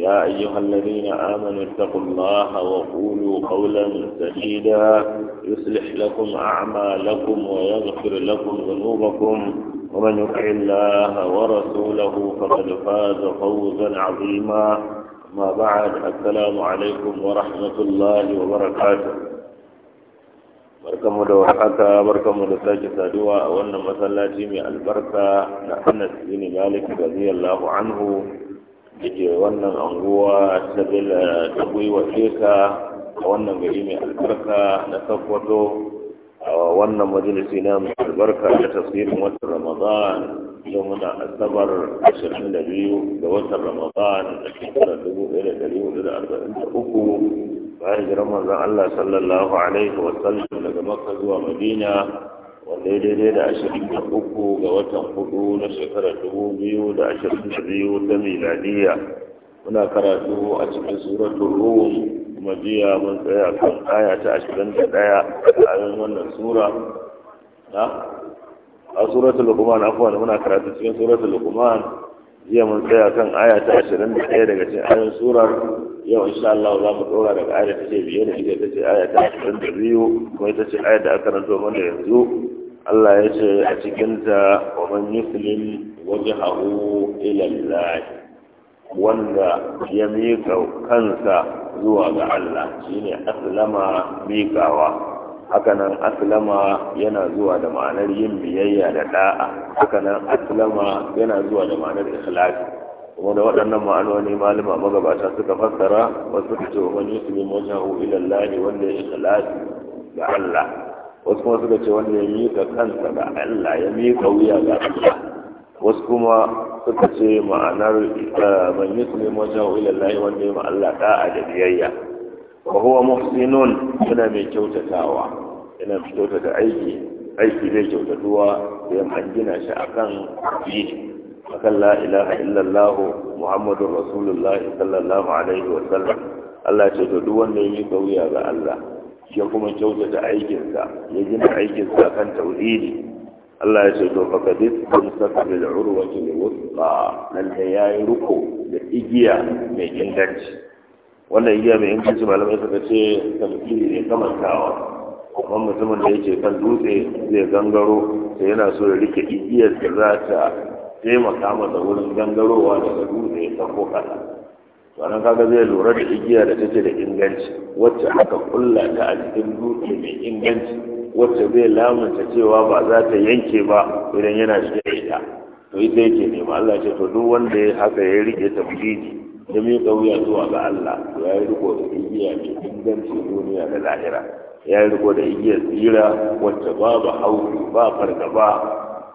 يا أيها الذين آمنوا اتقوا الله وقولوا قولا سديدا يصلح لكم أعمالكم ويغفر لكم ذنوبكم ومن يطع الله ورسوله فقد فاز فوزا عظيما ما بعد السلام عليكم ورحمة الله وبركاته barkamu da warhaka barkamu da sake saduwa a wannan masallaci mai albarka na Anas bin Malik radiyallahu anhu da wannan anguwa ta bila ta gwiwa ka a wannan gari mai albarka na sakwato a wannan majalisi na mai albarka da tasirin watan ramadan yau muna asabar 22 ga watan ramadan da shekarar 1443 bayan jiran manzon allah sallallahu alaihi wasallam daga makka zuwa madina wanda ya daidai da ashirin da uku ga watan hudu na shekarar dubu biyu da ashirin da biyu ta miladiya muna karatu a cikin suratul rum kuma jiya mun tsaya kan aya ta ashirin da ɗaya a wannan sura na a suratul luqman afwan muna karatu cikin suratul luqman jiya mun tsaya kan aya ta ashirin da ɗaya daga cikin ayoyin surar yau insha Allah za mu ɗora daga aya ta ce biyar da ita ta ce aya ta ashirin da biyu kuma ita ce aya da aka ranto mana yanzu Allah ya ce a cikinta wa man yuslim wajhahu ila Allah wanda ya mika kansa zuwa ga Allah shine aslama mikawa hakanan aslama yana zuwa da ma'anar yin biyayya da da'a hakanan aslama yana zuwa da ma'anar ikhlasi kuma da waɗannan ma'anoni malama magabata suka fassara wasu suka wani wa man yuslim ila wanda ya ikhlasi ga Allah wasu kuma suka ce wanda ya miƙa kansa ga Allah ya miƙa wuya ga Allah wasu kuma suka ce ma'anar eh, man yuslim wajhahu ila Allah wanda ya ma Allah da'a da biyayya wa huwa muhsinun yana mai kyautatawa yana mai kyautata aiki aiki zai kyautatuwa sai an gina shi a akan yi akan la ilaha illallah Muhammadu rasulullahi sallallahu alaihi wa sallam Allah ce to duk wanda ya miƙa wuya ga Allah ya kuma da aikinsa ya gina aikinsa kan tauhidi Allah ya ce to fa kadis kun saka bil urwati da wuthqa nan da yayi ruko da igiya mai inganci wannan igiya mai inganci malamai suka ce tamkini ne kamantawa kuma mutumin da yake kan dutse zai gangaro sai yana so ya rike igiyar da za ta taimaka masa wurin gangarowa daga dutse ta ko kasa wani kaga zai lura da igiya da take da inganci wacce aka kulla ta a cikin dutse mai inganci wacce zai lamunta cewa ba za ta yanke ba idan yana shirya da ita to ita yake ma Allah ce to duk wanda ya haka ya rike tafsiri da mai kauya zuwa ga Allah to ya riko da igiya mai inganci duniya da lahira ya riko da igiyar tsira wacce babu hauki ba fargaba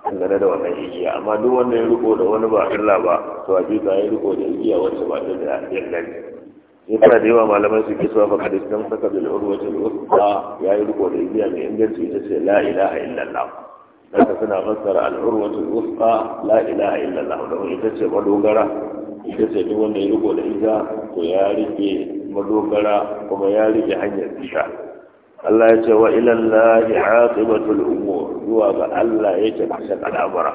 dangane da wannan igiya amma duk wanda ya riko da wani ba Allah ba to a hakika ya riko da igiya wacce ba ta da illa ne in kana da yawa malaman su ke suwa fakadis don saka bil urwati al usba ya yi riko da igiya mai inganci ita ce la ilaha illallah dan ka suna fassara al urwati al usba la ilaha illallah don ita ce madogara ita ce duk wanda ya riko da ita to ya rike madogara kuma ya rike hanyar tsira Allah ya ce wa ilallahi aqibatul umur zuwa ga Allah yake kashin al'amura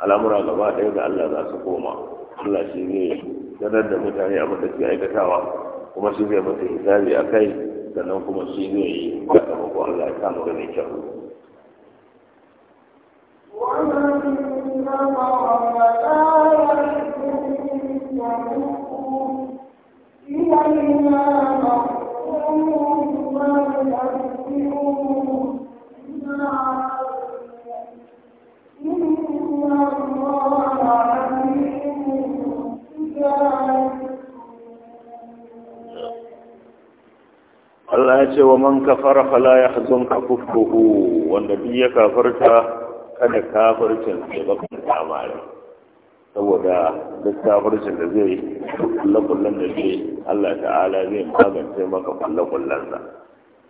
al'amura gaba ɗaya ga Allah za su koma Allah shi ne sanar da mutane abin da aikatawa kuma shi zai mata hisabi a kai sannan kuma shi ya yi sakamako Allah ya samu da mai kyau. wa man kafara fala yahzunka kufruhu wanda duk ya kafarta kada kafircin ya bakan kamare saboda duk kafircin da zai kullakullan da zai Allah ta'ala zai magance maka kullakullan sa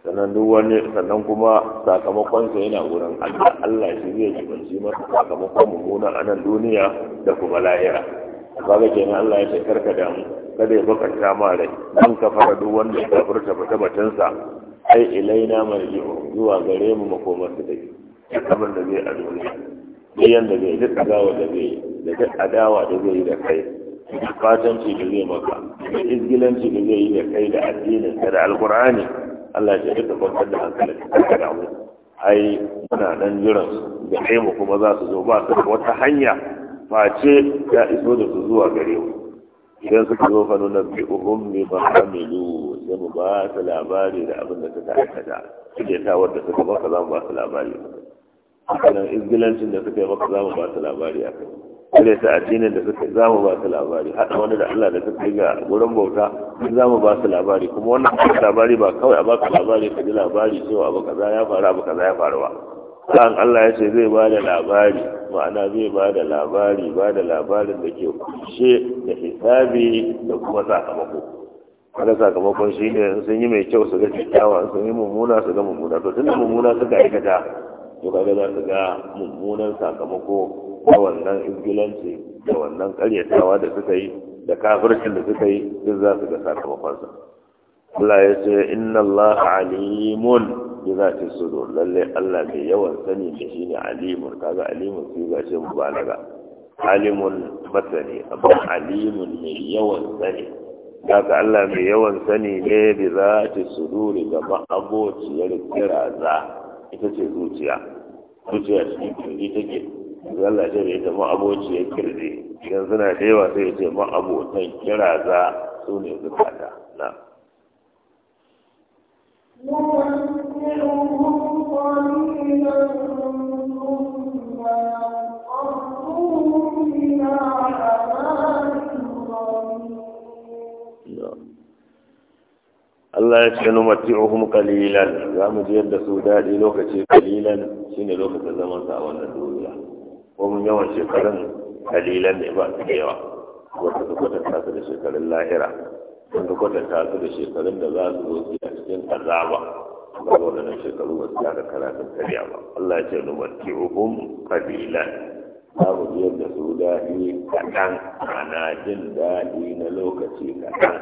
sannan duk wani sannan kuma sakamakonsa yana wurin Allah Allah shi zai jibanci masa sakamakon mummuna a nan duniya da kuma lahira kaga kenan Allah ya ce karka damu kada ya bakanta ma rai dan kafara duk wanda ya furta bata batansa ai ilaina marji'u zuwa gare mu makomar su dai abin da zai a duniya biyan da zai duk adawa da zai da duk adawa da zai da kai fatanci da zai maka izgilanci da zai yi da kai da addinin da alkur'ani Allah ya duka kwantar da hankali ka da mu ai muna nan jiran su da kai mu kuma za su zo ba su da wata hanya face ya iso da su zuwa gare mu idan suka zo fa nuna bi'uhum bi ma'amilu sai mu ba su labari da abin da suka aikata suke ta wadda suka baka za mu ba su labari nan izgilancin da suka yi baka za mu ba su labari a kai kare ta addinin da suka za mu ba su labari haɗa wani da Allah da suka yi ga wurin bauta za mu ba su labari kuma wannan labari ba kawai a baka labari ka ji labari cewa abu kaza ya faru abu kaza ya faru ba sa'an Allah ya ce zai ba da labari ma'ana zai ba da labari ba da labarin da ke kushe da hisabi da kuma sakamako wanda sakamakon shi ne sun yi mai kyau su ga kyakkyawa sun yi mummuna su ga mummuna to da mummuna su ga aikata to kaga za su ga mummunan sakamako da wannan ingilanci da wannan karyatawa da suka yi da kafircin da suka yi duk za su ga sakamakonsa Allah ya ce inna Allah alimun bi zati sudur lalle Allah mai yawan sani da ne alimun kaga alimun sai ga shi mubalaga alimun matsani abu alimun mai yawan sani daga Allah mai yawan sani ne da za ta suduri ga ma'abociyar za ita ce zuciya zuciya cikin kirji ke zalla ce mai ita ma'abociyar kirji idan suna da yawa sai ce ma'abotan kiraza su ne zukata na نمتعهم قليلا Allah ya ce numati'uhum kalilan za mu je da su daɗi lokaci shi shine lokacin zaman sa a wannan duniya ko mun yawan shekarun kalilan ne ba su da yawa wanda su kwatanta su da shekarun lahira ka kwatanta su da shekarun da za su zo su a cikin azaba ba waɗannan shekaru ba su da karatun karya ba Allah ya ce numati'uhum kalilan za mu je da su daɗi kaɗan ana jin daɗi na lokaci kaɗan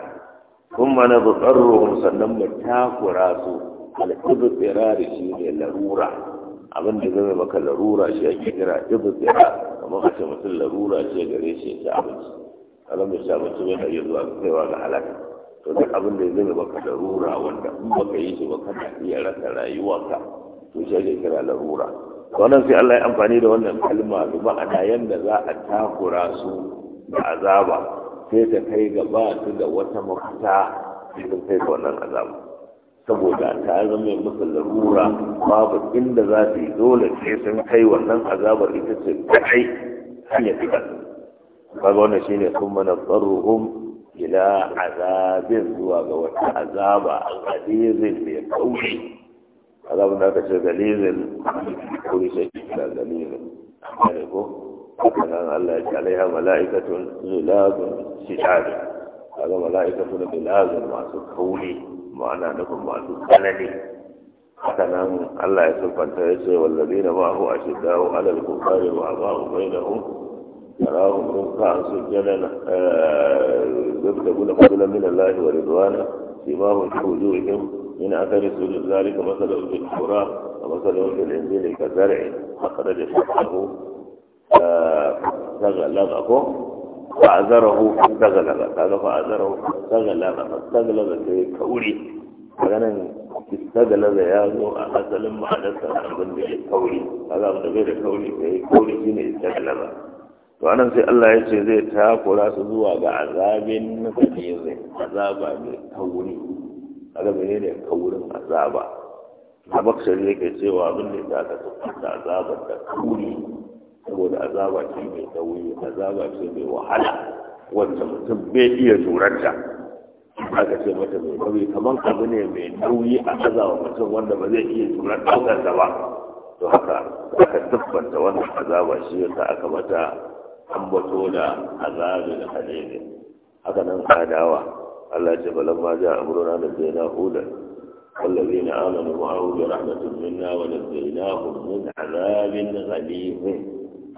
kuma na buƙarruhun sannan mu takura su alƙibu da shi ne larura abin da zai maka larura shi ake kira ibu tsira kamar a ce mutum larura ce gare shi ya ci abinci kalan mu sha abinci bai na iya zuwa kaiwa ga halaka to duk abin da zai maka larura wanda in baka yi shi ba kana iya rasa rayuwarka to shi ake kira larura wannan sai Allah ya amfani da wannan kalma da ma'ana yanda za a takura su da azaba sai ta kai ga ba su da wata mafita cikin kai ga wannan azabu saboda ta zama musu larura babu inda za su yi dole sai sun kai wannan azabar ita ce kai hanyar fita wani wannan shine sun mana tsarruhum ila azabin zuwa ga wata azaba azabin mai kauri azabin da aka ce galizin kuri sai a galizin ko hakanan Allah ya ce alaiha mala'ikatun zulazun shidadu kaga mala'ikatun zulazun masu kauri ma'ana nufin masu tsanani hakanan Allah ya siffanta ya ce wallazi na ma'ahu a alal kufari wa ba'u bainahum تراهم ركعا سجدا يبتغون فضلا من الله ورضوانه سماهم في وجوههم من أثر سجود ذلك مثلهم في التوراة ومثلهم في الإنجيل كزرع أخرج شطه tagalaga ko fa'azarahu tagalaga kaga fa'azarahu tagalaga tagalaga sai kauri kaga nan tagalaga ya zo a asalin ma'anarsa abin da ya kauri kaga abin da bai da kauri sai kauri shine tagalaga to anan sai Allah ya ce zai takura su zuwa ga azabin kadizai azaba mai kauri kaga ne kaurin azaba a bakshari yake cewa abin da ya ta aka tabbata azabar da kauri saboda azaba ce mai nauyi azaba ce mai wahala wanda mutum bai iya turanta aka ce mata mai nauyi kamar abu ne mai nauyi a azaba mutum wanda ba zai iya turan da ba to haka aka tabbata wannan azaba shi yadda aka mata ambato da azabin halili haka nan adawa Allah ce ma ja amruna da zaina hudan والذين آمنوا معه برحمة منا ونجيناهم من عذاب غليظ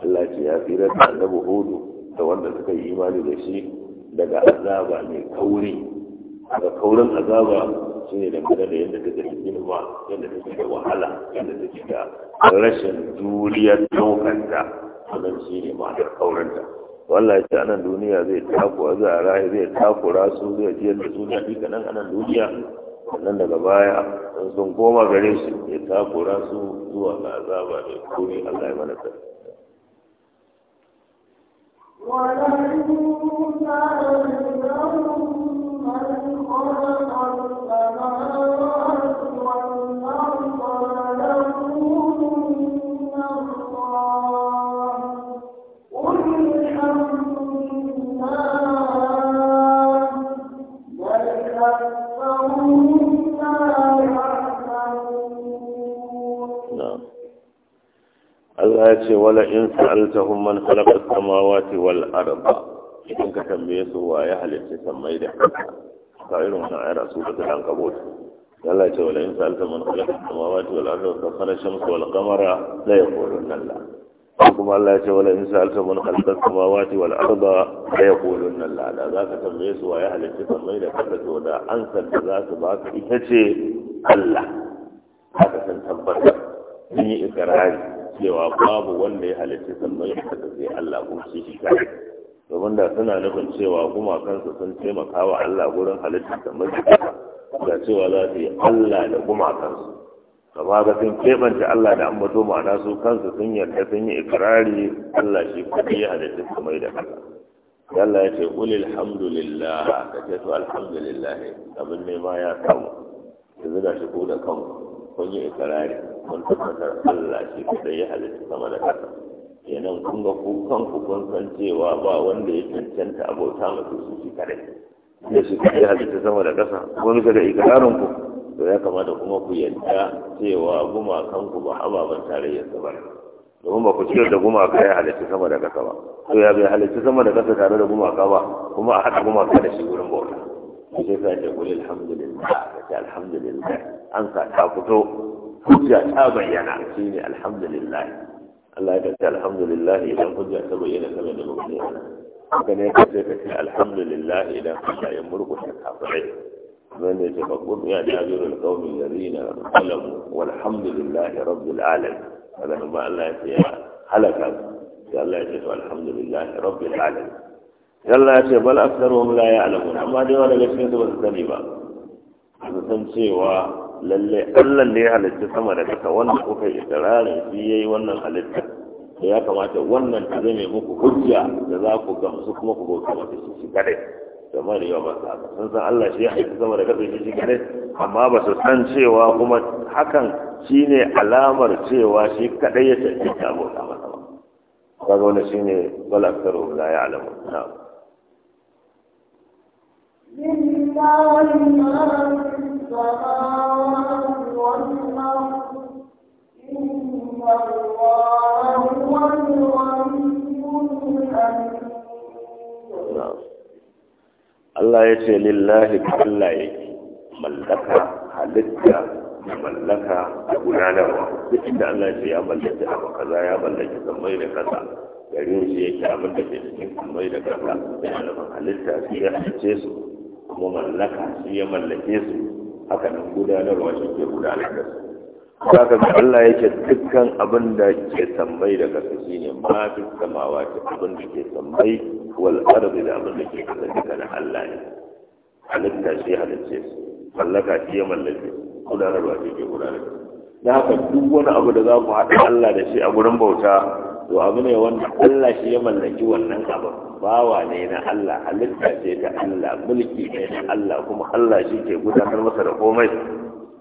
Allah ce ya tsira da annabi hudu da wanda suka yi imani da shi daga azaba mai kauri daga kaurin azaba shi ne dangane da yadda take da girma yadda take da wahala yadda take da rashin juriyar daukanta wannan shi ne ma'anar kaurinta wallahi ta anan duniya zai takura za a zai takura su zai jiyar da su daɗi kanan anan duniya sannan daga baya sun koma gare shi ya takura su zuwa ga azaba mai kuri allah ya mana sarki ولئن سألتهم من خلق ya ce wala in sa'altahum man khalaqa samawati wal arda idan ka tambaye su wa ya halitta samai da ka irin wannan ayar su da dan kabot Allah ce wala in sa'altahum man khalaqa samawati wal arda wa khalaqa shamsa wal qamara la yaqulunna Allah kuma Allah ya ce wala in sa'altahum man khalaqa samawati wal arda la yaqulunna Allah da za ka tambaye su wa ya halitta samai da ka to da ansar da za su baka ita ce Allah haka san tabbata sun yi ikrari cewa babu wanda ya halitta ya da sai Allah kuma shi shi kai domin da suna nufin cewa gumakansu sun taimaka wa Allah gurin halitta sammai da ga cewa za su yi Allah da gumakansu kama ga sun keɓanta Allah da ambato ma'ana su kansu sun yarda sun yi ikirari Allah shi kuɗi ya halitta mai da kasa Allah ya ce ƙuli alhamdulillah ka ce su alhamdulillah abin nema ya samu yanzu ga shi ko da kanku kun yi ikirari kun tabbatar Allah shi kadai ya halitta sama da ƙasa kenan kun ga kukan kun san cewa ba wanda ya cancanta abota masu su shi kadai ya shi kadai ya halitta sama da ƙasa kun ga da ikirarin ku to ya kamata kuma ku yadda cewa gumakan ku ba ababen tarayyar su ba domin ba ku ciyar da gumaka ya halitta sama da ƙasa ba to ya bai halitta sama da ƙasa tare da gumaka ba kuma a haɗa gumaka da shi wurin bauta sai ka ce kuli alhamdulillah ka ce alhamdulillah an ka ta fito hujja ta bayyana shi ne alhamdulillah Allah ya kace alhamdulillah idan hujja ta bayyana game da mu'mini haka ne ka ka ce alhamdulillah idan hujja ya murƙushe kafirai zan ne ce babbun ya jabiru alqawmi alladhina qalamu walhamdulillah rabbil alamin hada ma Allah ya ce halaka ya Allah ya ce alhamdulillah rabbil alamin ya Allah ya ce bal aktharuhum la ya'lamun amma dai wanda gaskiya ba su sani ba su san cewa lalle Allah ne ya halitta sama da kasa wannan kuka ikrarin shi yayi wannan halitta to ya kamata wannan ta zame muku hujja da za ku gamsu kuma ku bauta masa shi shi kadai kamar yawa ba haka sun san Allah shi ya halitta sama da kasa shi shi kadai amma ba su san cewa kuma hakan shine alamar cewa shi kadai ya tafi ta bauta masa ba kaga wannan shine wala aktaru la ya'lamu na'am لله ما في السماوات Allah ya ce lillahi Allah ya mallaka halitta da mallaka da gudanarwa duk inda Allah ya ce ya mallaki abu kaza ya mallaki sammai da kasa garin shi yake abin da ke cikin sammai da kasa da malaman halitta shi ya halice su kuma mallaka shi ya mallake su haka nan gudanarwa shi ke gudanar da su saka ga Allah yake dukkan abin da ke tambayi daga kashi ne ma duk samawa ce, abin da ke tambayi, wal ardi da abin da ke kasa duka Allah ne halitta shi halitta shi mallaka shi ya mallake gudanarwa shi ke gudanar da haka duk wani abu da za ku haɗa Allah da shi a gurin bauta to abu ne wanda Allah shi ya mallaki wannan abu bawa ne na Allah halitta ce ta Allah mulki ne na Allah kuma Allah shi ke gudanar masa da komai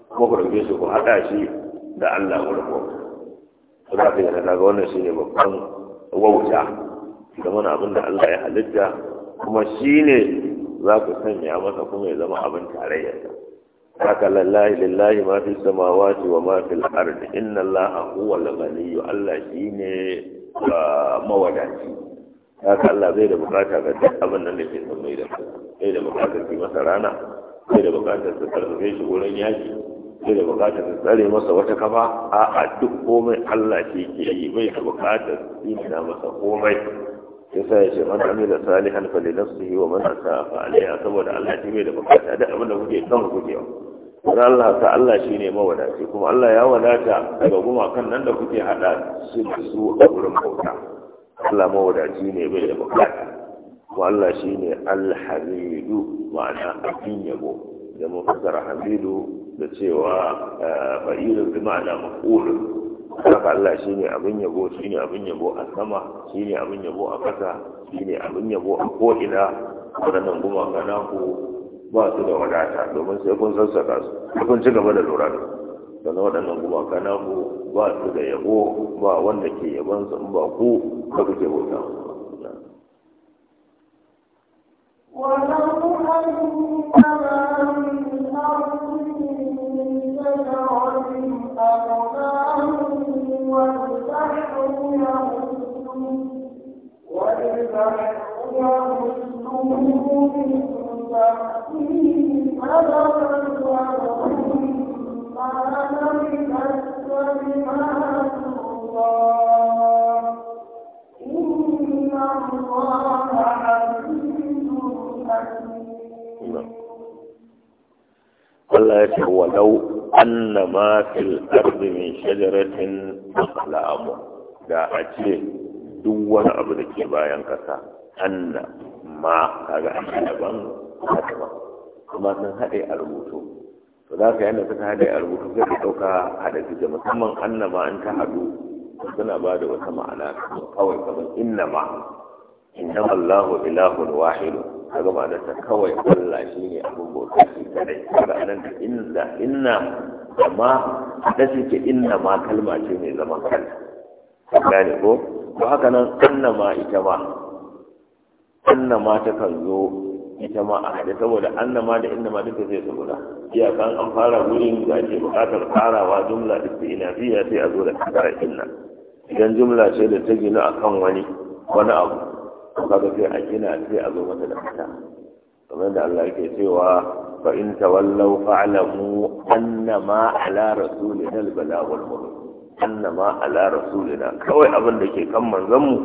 kuma ku ɗauke shi ku haɗa shi da Allah wurin ko to za ka yana daga wannan shi ne babban wauta da mana abin da Allah ya halitta kuma shi ne za ku sanya masa kuma ya zama abin tarayyarsa haka lallahi lillahi ma fi samawati wa ma fil ardi inna allaha huwa al-ghaniyyu allah shine ah, mawadaci haka allah zai da bukata ga duk abin nan da ke son mai da bai da bukatar ki masa rana bai da bukatar sa karfafe shi wurin yaki sai da bukatar tsare masa wata kafa a a duk komai Allah ke ke yi bai da bukatar ina masa komai yasa ya ce man amila salihan fa li nafsihi wa man asa fa alayha saboda Allah ke bai da bukata da abin da kuke kan kuke dan Allah ta Allah shine mawadaci kuma Allah ya wadata daga kan nan da kuke hada su su a wurin bauta Allah mawadaci ne bai da bukata kuma Allah shine al-hamidu ma'ana abin yabo da mun fasara hamidu da cewa fa'ilun ah, zuma na maf'ulun haka Allah shi ne abin yabo shi ne abin yabo a sama shi ne abin yabo a ƙasa shi ne abin yabo a ko'ina waɗannan gumaka naku ba su da wadata domin sai kun sassaka su kun ci gaba da lura da da waɗannan gumaka naku ba su da yabo ba wanda ke yabon su ba ku ba kuke bauta ولو أن Allah ya ce walau annama fil ardi min shajaratin aqlamu da a ce duk wani abu da ke bayan ƙasa anna ma kaga an daban ba kuma sun haɗe a rubutu to za ka yana suka haɗe a rubutu zai ka ɗauka a da musamman annama an ta haɗu suna ba da wata ma'ana kawai kamar innama innama allahu ilahun wahidu kaga ma'anar ta kawai allah shi ne abin bauta shi kadai kaga nan da inna inna da ma haɗa shi ke inna ma kalma ce mai zaman kanta gane ko to haka nan annama ita ma annama ta kan zo ita ma a haɗe saboda annama da innama duka zai saboda iyakan an fara wurin da ake buƙatar farawa jumla istinafiya sai a zo da kasara inna idan jumla ce da ta gina akan wani wani abu kaga sai a gina sai a zo mata da kasa kamar da Allah yake cewa fa in tawallaw fa'lamu annama ala rasulina al-balaghul mubin annama ala rasulina kawai abin da ke kan manzanmu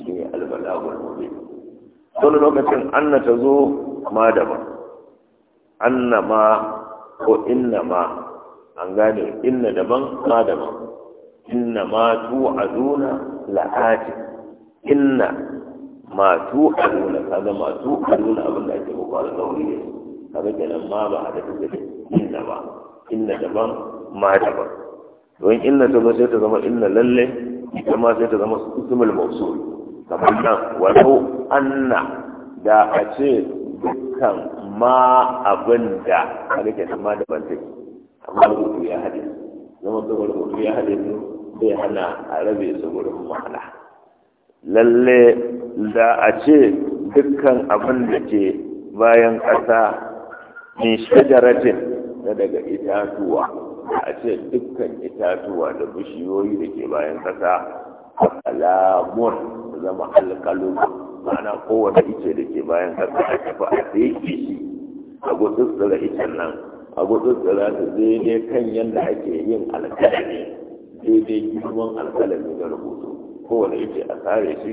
shi ne albalagul mubin wani lokacin anna ta zo ma daban annama ko innama an gane inna daban ma daban inna ma azuna la'ati inna ma azuna kaga ma azuna abin da ake bukatar zauri ne kaga kenan ma ba a da inna ba inna daban ma daban don illa ta zo sai ta zama illa lalle kuma ma sai ta zama ismul mawsul kamar nan walau anna da a ce dukkan ma abin da kaga ke ma da ban take amma rubutu ya hade zama da rubutu ya hade ne bai hana a rabe su gurin ma'ana lalle da a ce dukkan abin da ke bayan ƙasa min shajaratin da daga itatuwa a ce dukkan itatuwa da bishiyoyi da ke bayan kasa alamun zama alkalu ma'ana kowane ice da ke bayan kasa a tafi a tsaye shi a gutsutsura icen nan a gutsutsura ta daidai kan yadda ake yin alkalami daidai girman alkalami na rubutu kowane ice a tsare shi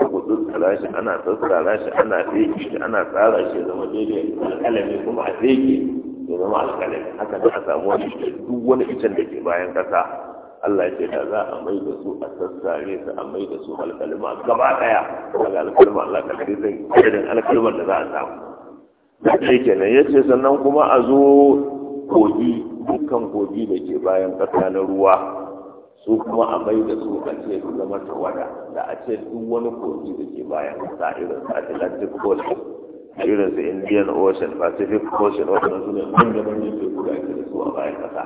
a gutsutsura shi ana tsatsara shi ana tsaye shi ana tsara shi zama daidai alkalami kuma a tsaye ya zama alƙalai haka nan a samu wani duk wani icen da ke bayan ƙasa Allah ya ce da za a mai da su a sassare su a mai da su alƙalima gaba ɗaya daga alƙalima Allah ka kare zai irin alƙalimar da za a samu da ke kenan ya ce sannan kuma a zo kogi dukkan kogi da ke bayan ƙasa na ruwa su kuma a mai da su a ce su zama tawada da a ce duk wani kogi da ke bayan ƙasa irin su Atlantic Coast irin su indian ocean pacific ocean waɗannan su ne manyan manyan teku da ake da su a bayan ƙasa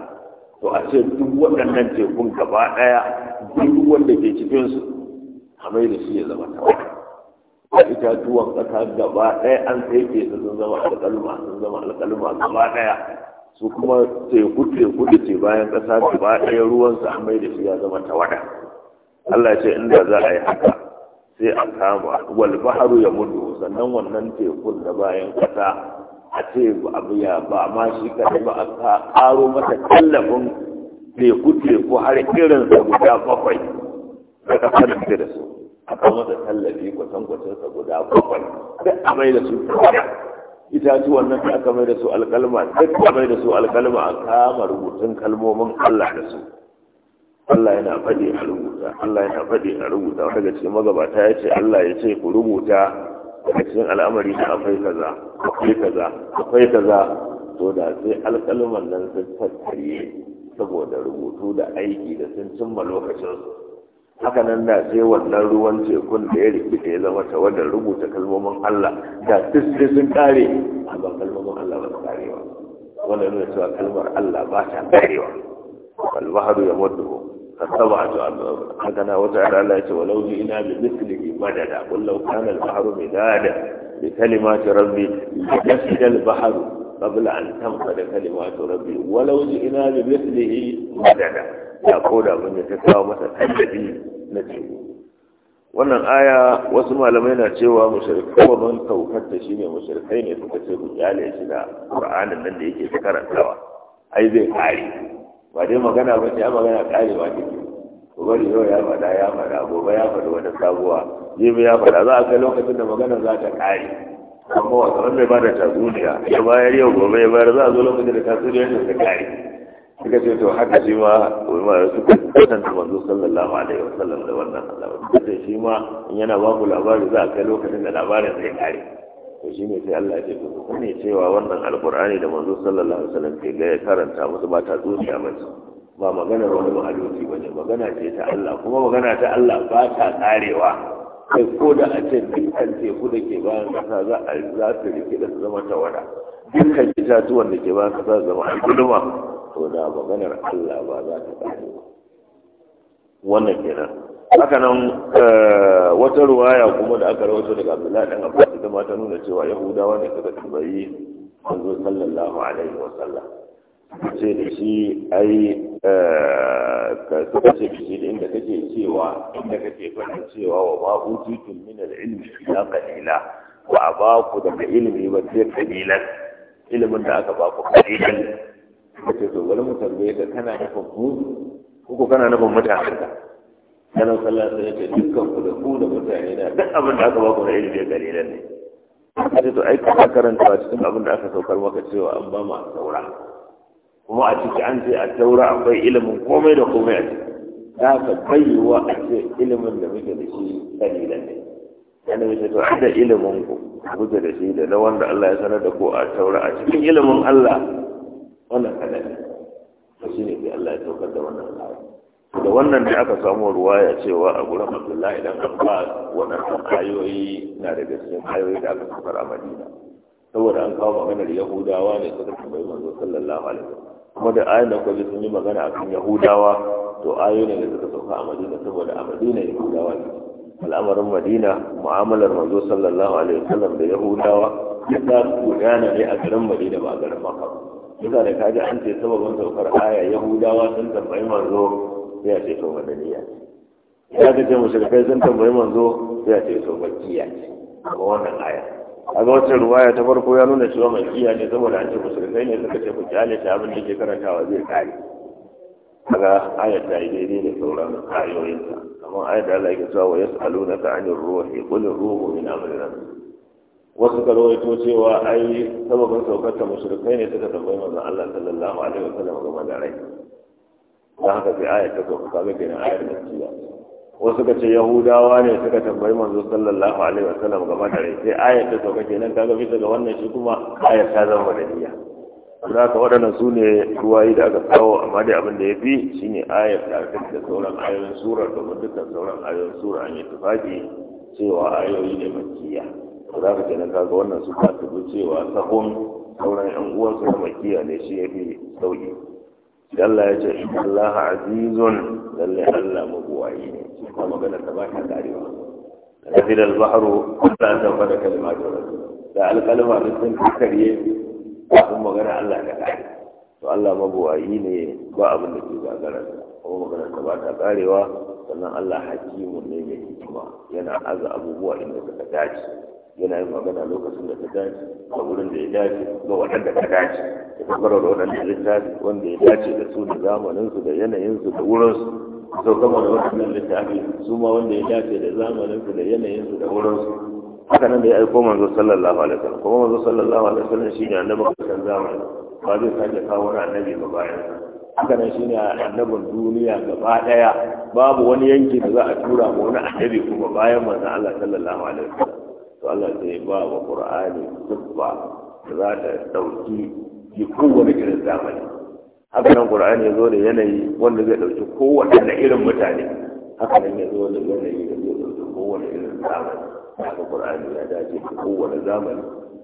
to a ce duk waɗannan tekun gaba ɗaya duk wanda ke cikin su a mai da shi ya zama tawa a itatuwan ƙasa gaba ɗaya an sai ke sun zama alƙalma sun zama alƙalma gaba ɗaya su kuma teku teku da ke bayan ƙasa gaba ɗaya ruwansa a mai da shi ya zama tawada Allah ya ce inda za a yi haka sai a kama walbaharu ya mudu sannan wannan tekun da bayan kasa a ce abu ya ba ma shi ka ba a karo masa tallafin teku teku har irin sa guda bakwai da kasar da su a kan masa tallafi kwatan kwatan sa guda bakwai duk a mai da su itatuwan nan aka mai da su alkalma duk a mai da su alkalma a kama rubutun kalmomin Allah da su Allah yana faɗi a rubuta Allah yana faɗi a rubuta daga cikin magabata ya ce Allah ya ce ku rubuta daga cikin al'amari da akwai kaza akwai kaza akwai kaza to da sai alƙalman nan sun tattare saboda rubutu da aiki da sun cimma lokacin haka nan da sai wannan ruwan tekun da ya rikita ya zama ta wadda rubuta kalmomin Allah da sai sun kare amma kalmomin Allah ba su karewa wannan nuna cewa kalmar Allah ba ta karewa فالبحر يمده فالطبع هكذا وجعل على ولو جئنا بمثله مددا قل لو كان البحر مدادا لكلمات ربي لنفد البحر قبل أن تنفد كلمات ربي ولو جئنا بمثله مددا يقول من يتساوى مثلا الذي نتيجه wannan aya wasu malamai na cewa mushrikai wa man tawfatta shine mushrikai ne suka ce ku yale shi da Qur'anin nan da yake karantawa ai zai kare ba dai magana ba ce a magana ba ne gobe yau ya fada ya faɗa gobe ya fada wani sabuwa jibi ya faɗa za a kai lokacin da magana za ta ƙare amma wasu wanda bada da tatsuniya ya bayar yau gobe ya bayar za a zo lokacin da tatsuniya ne ta ƙare suka ce to haka shi ma umar suka kasance manzo sallallahu alaihi wasallam da wannan Allah suka ce shi ma in yana ba ku labari za a kai lokacin da labarin zai ƙare to shi ne sai Allah ya ce ku ne cewa wannan alkur'ani da manzo sallallahu alaihi wasallam ke ga karanta musu ba ta zuciya ba ba maganar wani mahaluki ba magana ce ta Allah kuma magana ta Allah ba ta karewa kai ko da a ce dukkan teku da ke bayan kasa za a za su rike da su zama tawada dukkan itatuwan da ke bayan kasa zama alkuluma to da maganar Allah ba za ta karewa wannan kenan haka nan eh, wata ruwaya kuma da aka rawato daga abdullahi dan abbas ita ma ta nuna cewa yahudawa ne suka tabbayi manzo sallallahu alaihi wa sallam ce da shi ai eh, ka suka ce da inda kake cewa inda kake fadin cewa wa ma utitum min al-ilmi illa qalila wa abaku daga ilimi ba sai qalilan ilimin da aka baku qalilan kace to bari mu tambaye ka kana nufin mu ko kana nufin mutanen sanar sallah sai ya dukkan ku da ku da mutane na duk abin da aka ba ku na ilimi kalilan ne sai to ai ka karanta a cikin abin da aka saukar maka cewa an ba mu taura. kuma a ciki an ce a taura akwai ilimin komai da komai a ciki za ka bayyuwa a ce ilimin da muke da shi kalilan ne yana mace to da ilimin ku kuke da shi da wanda Allah ya sanar da ku a taura a cikin ilimin Allah wannan kadan to shine sai Allah ya saukar da wannan ayat da wannan ne aka samu ruwaya cewa a gurin abdullahi dan abbas waɗannan ayoyi na daga cikin ayoyi da aka saukar a madina saboda an kawo maganar yahudawa ne suka tambayi manzo sallallahu alaihi wasallam kuma da ayoyin da kwaje sun yi magana a kan yahudawa to ayoyi ne da suka sauka a madina saboda a madina yahudawa ne al'amarin madina mu'amalar manzo sallallahu alaihi wasallam da yahudawa ya ta gudana ne a garin madina ba a garin makka yasa da kaji an ce sababin saukar aya yahudawa sun tambayi manzo ya a ce to madaniya ce ya ka ce kai sun tambayi manzo ya a ce to makiya ce amma wannan aya a ga wata ruwaya ta farko ya nuna cewa makiya ne saboda an ce mushrikai ne suka ce ku kyale ta abin da ke karantawa zai kare kaga ayat ta yi daidai ne sauran ayoyinta amma ayat da Allah yake cewa wa yas'alunaka 'anil ruhi qul ruhu min amri rabbi wasu garwaito cewa ai sababin saukar ta musulkai ne suka tambayi manzon Allah sallallahu alaihi wasallam game da rai da haka sai ayar ta sauka kaga kenan ayar makkiya wasu suka ce yahudawa ne suka tambayi manzo sallallahu alaihi sallam game da rai sai ayar ta sauka nan kaga bisa ga wannan shi kuma ayar ta zama madaniya don ka waɗannan su ne ruwayi da aka kawo amma dai abin da ya fi shi ne ayar da aka da sauran ayoyin surar domin dukkan sauran ayoyin surar an yi tufafi cewa ayoyi ne makiya za ka kenan kaga wannan su ta cewa sahun sauran yan uwansu na makiya ne shi ya fi sauƙi. Allah ya ce Allah azizun lalle Allah mabuwayi ne kuma magana ta ba ta karewa kafir al-bahru Allah ta fada kalmatu da alkalma da sun kariye kafin magana Allah ta kare to Allah mabuwayi ne ba abin da ke gagara kuma magana ta ba ta karewa sannan Allah hakimun ne mai hikima yana aza abubuwa inda suka dace yana yin magana lokacin da ta dace a wurin da ya dace ga waɗanda ta dace ya kamar da waɗanda littafi wanda ya dace da su da zamaninsu da yanayinsu da wurinsu sau kama da waɗannan littafi su ma wanda ya dace da zamaninsu da yanayinsu da wurinsu haka nan da ya aiko manzo sallallahu alaihi wasallam kuma manzo sallallahu alaihi wasallam shi ne annabi kasan zamani ba zai sake kawo wani annabi ba bayan haka nan shi ne annabin duniya gaba ɗaya babu wani yanki da za a tura ma wani annabi kuma bayan manzo Allah sallallahu alaihi wasallam Allah sai ba wa Qur'ani siffa da za ta dauki ki kowane irin zamani haka nan Qur'ani ya zo da yanayi wanda zai dauki kowane irin mutane haka nan ya zo da yanayi da zai dauki kowane irin zamani haka Qur'ani ya dace da kowane zamani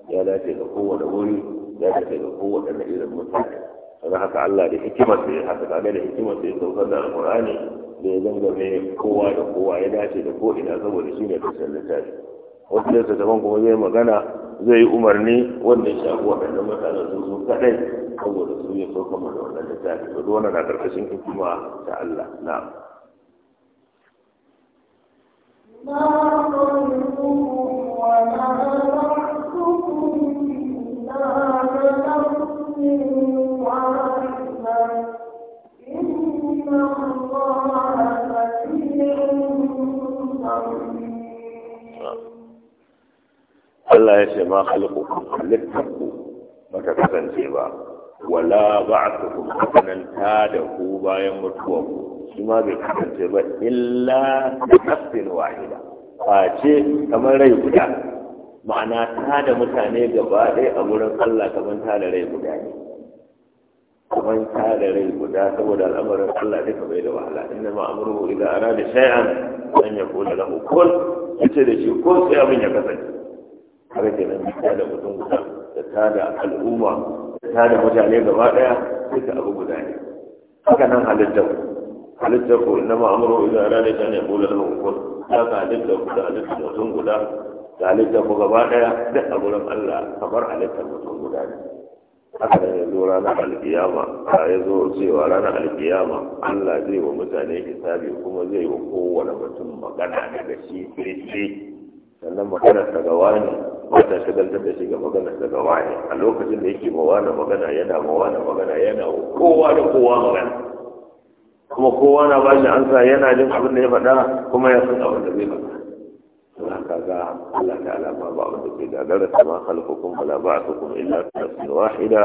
ya dace da kowane wuri ya dace da kowane irin mutane don haka Allah da hikimar sai ya haka kaga da hikimar sai ya saukar da Qur'ani da ya zanga mai kowa da kowa ya dace da ko ina saboda shine tushen littafi wasu da daban kuma zai magana zai yi umarni wanda ya shafi waɗannan mutanen sun zo kaɗai saboda su ya sauka mana wannan littafi to duk wannan na ƙarƙashin hikima ta Allah na'am Allah ya ce ma khalqukum halittaku baka kasance ba wala ba'athukum kanan ta da ku bayan mutuwa ku shi ma bai kasance ba illa nafsin wahida face kamar rai guda ma'ana ta da mutane gaba ɗaya a wurin Allah kamar ta da rai guda ne kamar ta da rai guda saboda al'amarin Allah duka bai da wahala inna ma amruhu idza arada shay'an an yaqula lahu kun yace da shi ko sai abin ya kasance haka ke nan ta da mutum guda da ta da al'umma da ta da mutane gaba ɗaya duka abu guda ne haka nan halitta halitta ku na ma'amuru idan rana ta ne bula na hukun haka halittar ku da halittar mutum guda da halittar ku gaba ɗaya duk a gurin allah kamar halitta mutum guda ne haka ne zo ranar alkiyama a ya zo cewa ranar alkiyama allah zai wa mutane hisabi kuma zai wa kowane mutum magana daga shi kirce sannan magana ta gawa ne ba ta shagaltar shi ga magana daga wani a lokacin da yake mawa na magana yana mawa na magana yana kowa da kowa magana kuma kowa na ba shi ansa yana jin abin da ya faɗa kuma ya san abin da zai faɗa to haka ga Allah ta alama ba abin da ke gagara sama khalqukum wala ba'thukum illa fi nafsin wahida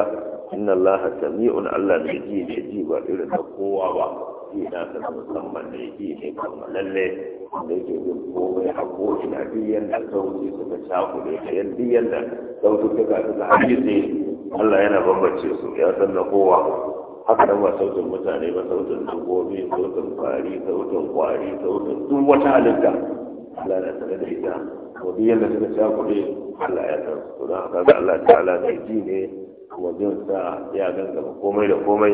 inna Allah sami'un Allah da ji ne ji ba irin da kowa ba Ji na ta musamman ne ji ne kamar lalle wanda yake yin komai hako ina biyan da sauki suka ne da yan duk ka sautuka suka ne Allah yana bambance su ya san na kowa haka da ba sautin mutane ba sautin dabbobi sautin kwari sautin kwari sautin duk wata halitta Allah na sanar da ita ko biyan da suka ne Allah ya san su don haka Allah ta'ala mai ji ne kuma jin sa ya gangama komai da komai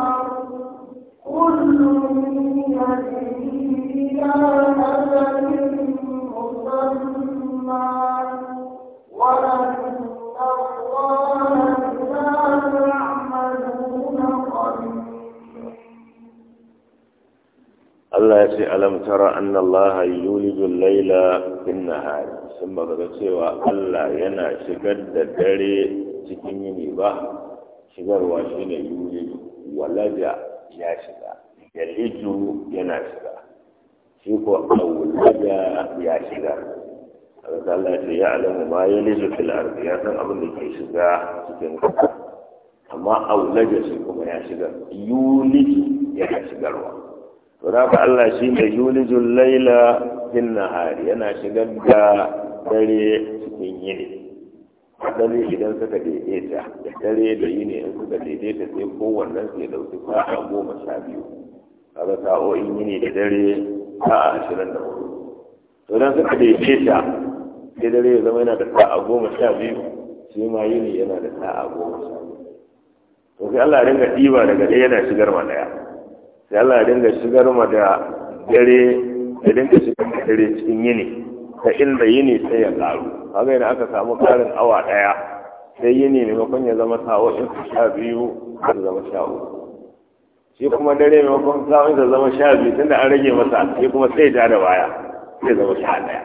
Allah ya ce alam tara anna Allah yulidu laila fin nahar sun baka ga cewa Allah yana shigar da dare cikin yini ba shigarwa shine yuli walaja ya shiga ya yana shiga shi ko awulaja ya shiga a Allah ce ya alamu ma ya liju fil ardi ya san abin da ke shiga cikin kasa amma aulaja shi kuma ya shiga yuliju yana shigarwa to da Allah shi ne yulijul laila fil nahari yana shigar da dare cikin yini dare idan suka daidaita da dare da yini in suka daidaita sai kowannen su ya dauki sa'a goma sha biyu kaga sa'o'in yini da dare a ashirin da hudu to dan suka ta sai dare ya zama yana da sa'a goma sha biyu sai ma yini yana da sa'a goma sha biyu to sai Allah ya dinga ɗiba daga ɗaya yana shigar ma ɗaya sai Allah ya dinga shigar ma da dare ya dinga shigar da dare cikin yini ta inda yini sai ya karu kaga yana aka samu ƙarin awa ɗaya sai yini maimakon ya zama sa'o'in sha biyu har zama sha uku shi kuma dare mai maimakon samun ta zama sha biyu tun da an rage masa shi kuma sai ja da baya sai zama sha daya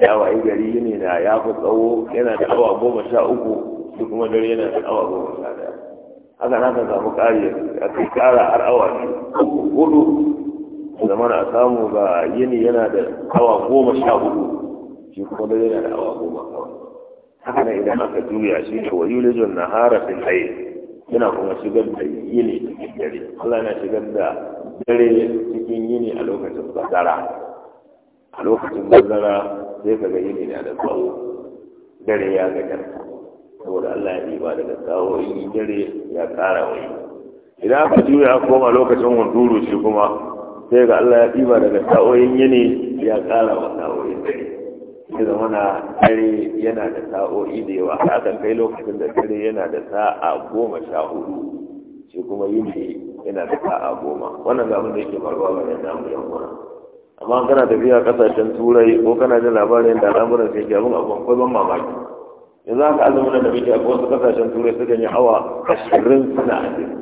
ya wayi gari ne da ya fi tsawo yana da awa goma sha uku shi kuma dare yana da awa goma sha daya. haka na ka samu kari a kai kara har awa hudu zama na samu ga yini yana da awa goma sha hudu shi kuma dare yana da awa goma kawai haka na idan aka juya shi ne wa yulijin na harafin hayy yana kuma shigar da yini cikin dare Allah yana shigar da dare cikin yini a lokacin bazara a lokacin bazara sai ka ga yini na da tsawo dare ya ga karka saboda Allah ya ba daga tsawo yini dare ya ƙara wai idan aka juya koma lokacin hunturu shi kuma sai ga Allah ya ba daga tsawo yini ya ƙara wa tsawoyin dare ya zama na dare yana da sa'o'i da yawa kan kai lokacin da dare yana da sa'a goma sha hudu shi kuma yini yana da sa'a goma wannan ga abin da yake faruwa ga yan namu yan uwa amma kana tafiya kasashen turai ko kana jin labarin da al'amuran sai ke abin abuwan kwai ban mamaki yanzu haka azumin da bikin akwai wasu kasashen turai suka yi awa ashirin suna ashirin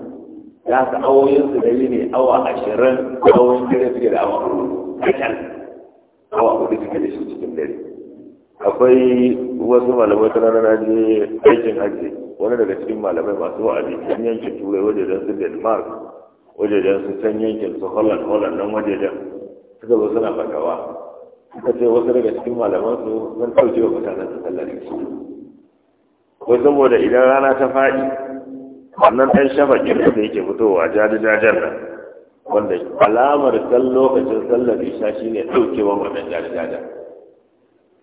Ya haka su da yi ne awa ashirin awoyin dare suke da awa hudu awa hudu suke da shi cikin dare akwai wasu malamai ta ranar je aikin hajji wani daga cikin malamai masu wa'azi can yankin turai wajejen su denmark wajejen su can yankin su holland holland nan wajejen suka zo suna fatawa suka ce wasu daga cikin malaman su sun kauce wa mutanen su sallar su ko saboda idan rana ta faɗi wannan ɗan shafaƙin da yake fitowa jajajajar nan wanda alamar san lokacin sallar isha shine ɗaukewan wannan jajajajar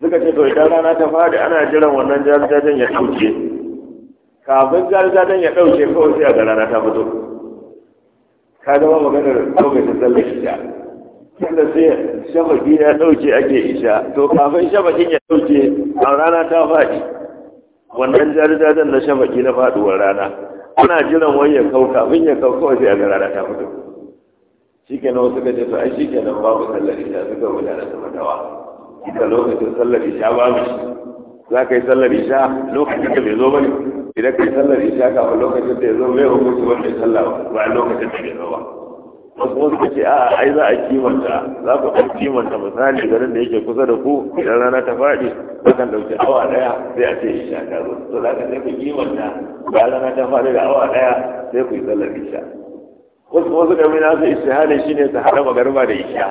suka ce to idan rana ta fara ana jiran wannan jarjajen ya ɗauke kafin jarjajen ya ɗauke kawai sai a ga rana ta fito ka zama maganar kawai ta tsallar isha tunda sai shafaki ya ɗauke ake isha to kafin shafakin ya ɗauke a rana ta fadi wannan jarjajen na shafaki na faɗuwar rana ana jiran wani ya kau kafin ya kau kawai sai a ga rana ta fito shi kenan wasu ka ce to ai shi kenan babu tallafi isha suka gudana sama dawa da lokacin sallar isha ba mu shi, za ka yi sallar isha lokacin da bai zo ba ne idan ka yi sallar isha ka lokacin da ya zo mai hukunci wanda ya sallah ba lokacin da bai zo ba wasu wasu ka ce a ai za a kimanta za ku ɗan kimanta misali garin da yake kusa da ku idan rana ta faɗi kan ɗauki awa ɗaya sai a ce isha ta zo to za ka sai ku kimanta ba rana ta faɗi da awa ɗaya sai ku yi sallar isha wasu wasu kamar na su isha halin shine su haɗa magarba da isha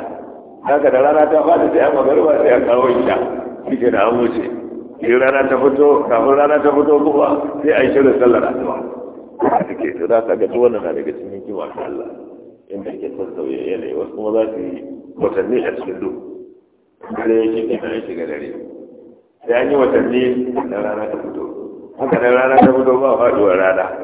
haka da rana ta fada sai a magarba sai a kawo ita, shi ke da an wuce shi rana ta fito kafin rana ta fito kuma sai a yi shirin sallar asuba a suke to za ka ga wannan na daga cikin hikima ta Allah inda ke yana yanayi wasu kuma za su yi watanni a cikin duk dare ya shiga na ya ga dare sai an yi watanni da rana ta fito haka da rana ta fito ba faduwar rana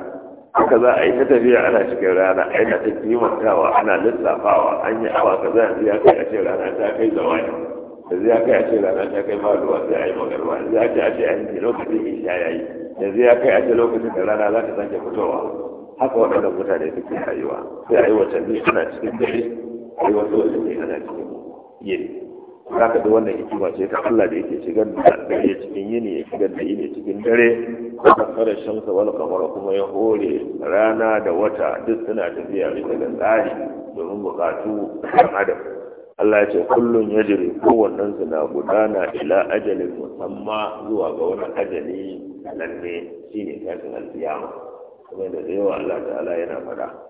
haka za a yi ta tafiya ana cikin rana ana ta kimantawa ana lissafawa an yi awa ka za a ya kai a ce rana ta kai ne yanzu ya kai a ce rana ta kai faruwa sai a yi magarwa yanzu ya kai a ce an yi lokacin isha ya yi yanzu kai a ce lokacin da rana za ta sake fitowa haka waɗannan mutane suke rayuwa sai a yi watanni ana cikin dare a yi wasu watanni ana cikin yini za ka da wannan hikima ce ta Allah da yake shigar da dare cikin yini ya shigar da yini cikin dare Kuma tsara shamsa kamar kuma ya hore rana da wata duk suna tafiya bisa ga tsari domin bukatu ɗan adam Allah ya ce kullum ya jiri kowannen su na gudana ila ajalin musamma zuwa ga wani ajali lalle shine kafin alfiyama kuma da yawa Allah ta'ala yana faɗa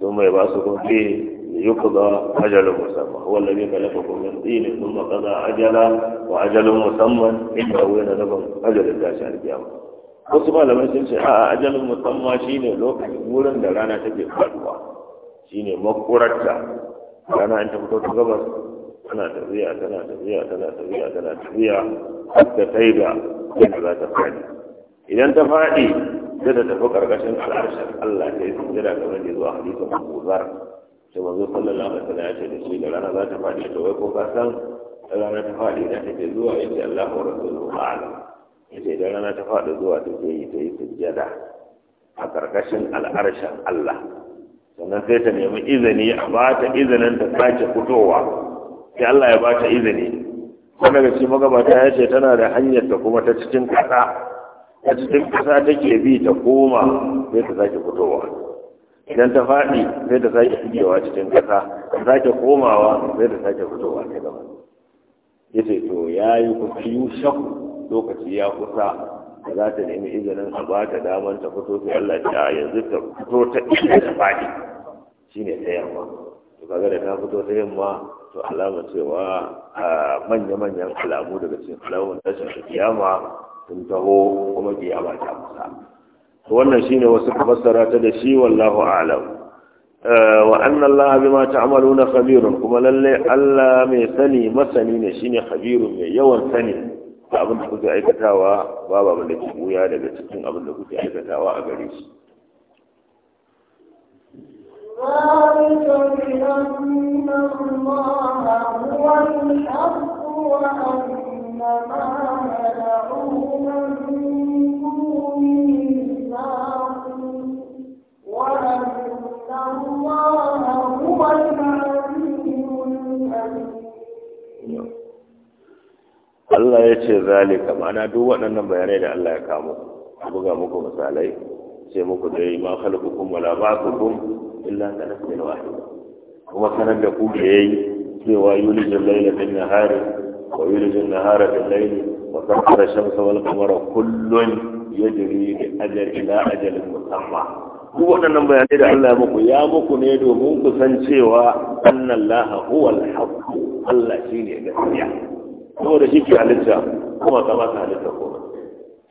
ثم يبعثكم فيه ليقضى أجل مسمى هو الذي خلقكم من طين ثم قضى أجلا وأجل مسمى إنه ينلكم أجل التاسع القيامة wasu malamai sun ce a ajalin musamman shine lokacin wurin da rana take faduwa shine makurarta rana an ta fito ta gabas tana tafiya tana tafiya tana tafiya tana tafiya har ta kai ga yadda za idan ta faɗi sai ta tafi ƙarƙashin al'arshin Allah ta yi sujjada kamar da zuwa hadisin Abu buzar sai manzo sallallahu alaihi wasallam ya ce da shi da rana za ta faɗi to wai ko ka san rana ta faɗi da take zuwa ya Allahu wa rasuluhu a'lam yace da rana ta faɗi zuwa take yi ta yi sujjada a ƙarƙashin al'arshin Allah sannan sai ta nemi izini a ba ta izinin ta sake fitowa sai Allah ya ba ta izini kuma daga cikin magabata ya ce tana da hanyar ta kuma ta cikin kasa a cikin ƙasa take bi ta koma sai ta sake fitowa idan ta faɗi sai ta sake fitowa cikin ƙasa ta sake komawa sai ta sake fitowa ta gaba ya ce to ya yi kusa yi shakku lokaci ya kusa ba za ta nemi izinin a ba ta damar ta fito sai Allah ta yanzu ta fito ta inda ta faɗi Shi ne ta yamma to kaga da ta fito ta yamma to alama cewa manya-manyan alamu daga cikin alamun tashin kiyama تنتهوا وما قيامة جامسة وأن شين وسح فسرة تدشي والله أعلم وأن الله بما تعملون خبير كما للي ألا ميثني مثني نشين خبير يوان ثني فأبن حكو تعيك تاوى بابا من لكي ويالا بيتكين أبن حكو تعيك تاوى ذلك بأن الله هو الحق وأنه Allah ya ce zalika ma'ana duk waɗannan bayanai da Allah ya kamo a buga muku misalai sai muku dai ma khalqukum wala ba'thukum illa ka nafsin wahida kuma sanar da ku da yayi cewa yulijul layla bin nahari ويولج النهار في الليل وسخر الشمس والقمر كل يجري لأجل إلى أجل مسمى duk waɗannan bayanai da Allah ya muku ya muku ne domin ku san cewa annan laha huwa alhaq Allah shine ne gaskiya saboda shi ke halitta kuma ka ba ta halitta komai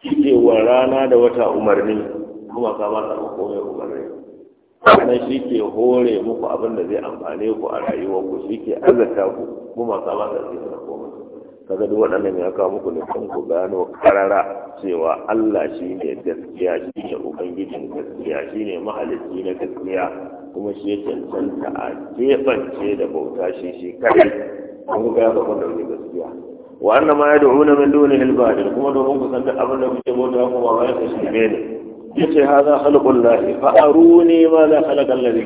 shi ke wa rana da wata umarni kuma ka ba ta komai umarni sannan shi ke hore muku abin da zai amfane ku a rayuwarku shi ke azata ku kuma ka ba ta halitta komai kaga duk waɗannan ya kawo muku ne kan ku gano karara cewa Allah shi ne gaskiya shi ne ubangijin gaskiya shi ne mahalicci na gaskiya kuma shi ya cancanta a keɓance da bauta shi shi kai an kuka ya kafa da gaskiya wa annan ma ya da'una min duni hilbadin kuma domin ku san duk abin da kuke bauta kuma ba ya ta shirme ne yace hadha khalqullahi fa aruni ma la khalaqa alladhi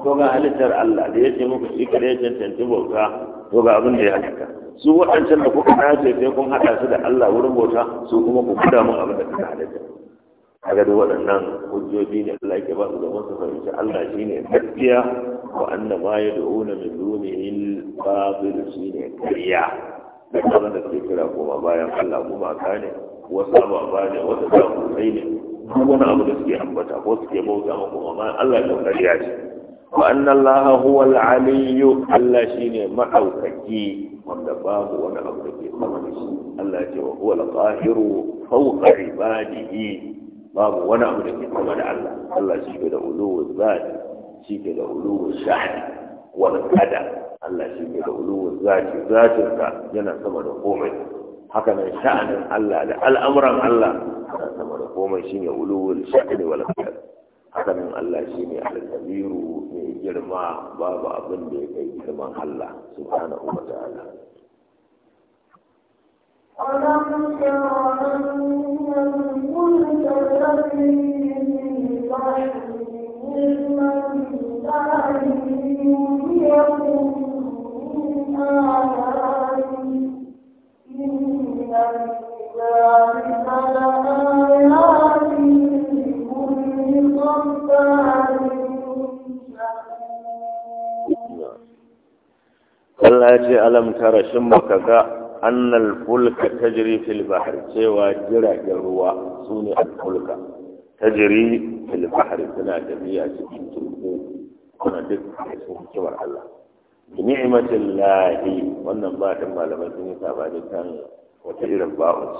ko ga halittar Allah da yace muku shi kare cancanta bauta to ga abin da ya halitta su waɗancan da kuka dace sai kun haɗa su da Allah wurin bauta su kuma ku kuda mun abin da kuka halitta kaga da waɗannan hujjoji ne Allah yake ba su da su fahimci Allah shine gaskiya wa anna ma yad'una min dunihi al-batil shine kariya da abin da suke kira kuma bayan Allah kuma ka ne wasu ababa ne wasu da sai ne duk wani abu da suke ambata ko suke bauta ma kuma ma Allah ya kariya shi wa anna allaha huwa Allah shine ma'aukaki wanda babu wani abu da ke sama shi Allah ce wa huwa al-qahiru fawqa ibadihi babu wani abu da ke sama da Allah Allah shi ke da uluwu zati shi ke da uluwu sha'ani wal qadar Allah shi ke da uluwun zaki zatinsa yana sama da komai sha'anin Allah da al'amuran Allah yana sama da komai shine hakanan Allah shi ne alkabiru ne girma babu abin da ya kai girman Allah subhanahu wa ta'ala ألم تر أن ce alam tara shin baka ga annal fulka tajri fil bahr cewa jiragen ruwa sune al fulka tajri fil bahr suna tafiya cikin teku kuna duk cikin hikimar Allah bi ni'matin wannan ba ta malamai sun yi sabani kan wata irin ba'un